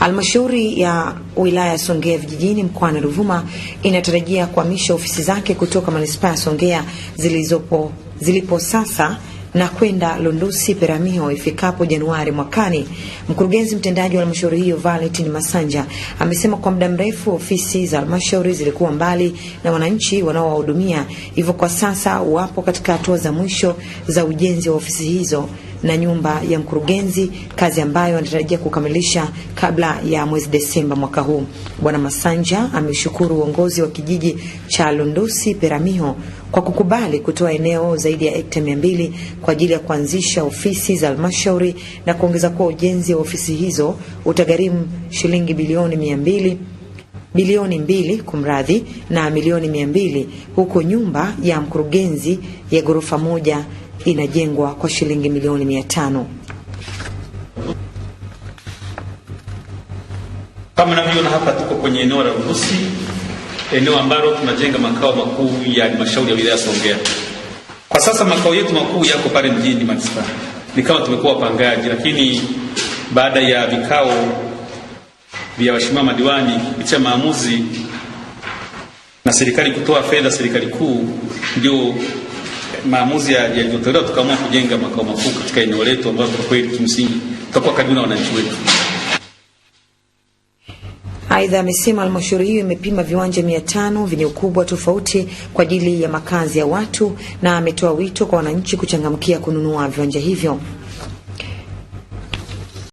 Halmashauri ya wilaya ya Songea vijijini mkoani Ruvuma inatarajia kuhamisha ofisi zake kutoka manispaa ya Songea zilizopo zilipo sasa na kwenda Lundusi Peramiho ifikapo Januari mwakani. Mkurugenzi mtendaji wa halmashauri hiyo Valentine Masanja amesema kwa muda mrefu ofisi za halmashauri zilikuwa mbali na wananchi wanaowahudumia, hivyo kwa sasa wapo katika hatua za mwisho za ujenzi wa ofisi hizo na nyumba ya mkurugenzi, kazi ambayo anatarajia kukamilisha kabla ya mwezi Desemba mwaka huu. Bwana Masanja ameshukuru uongozi wa kijiji cha Lundusi Peramiho kwa kukubali kutoa eneo zaidi ya hekta mia mbili kwa ajili ya kuanzisha ofisi za halmashauri na kuongeza kuwa ujenzi wa ofisi hizo utagharimu shilingi bilioni mia mbili bilioni mbili kumradhi na milioni mia mbili huku nyumba ya mkurugenzi ya ghorofa moja inajengwa kwa shilingi milioni mia tano. Kama navyoona hapa, tuko kwenye eneo la urusi eneo ambalo tunajenga makao makuu ya halmashauri ya wilaya Songea. Kwa sasa makao yetu makuu yako pale mjini manispaa, ni kama tumekuwa wapangaji, lakini baada ya vikao vya waheshimiwa madiwani kupitia maamuzi na serikali kutoa fedha, serikali kuu ndio maamuzi yaliyotolewa, tukaamua kujenga makao makuu katika eneo letu, ambayo kwa kweli kimsingi tutakuwa karibu na wananchi wetu. Aidha, amesema halmashauri hiyo imepima viwanja mia tano vyenye ukubwa tofauti kwa ajili ya makazi ya watu, na ametoa wito kwa wananchi kuchangamkia kununua viwanja hivyo.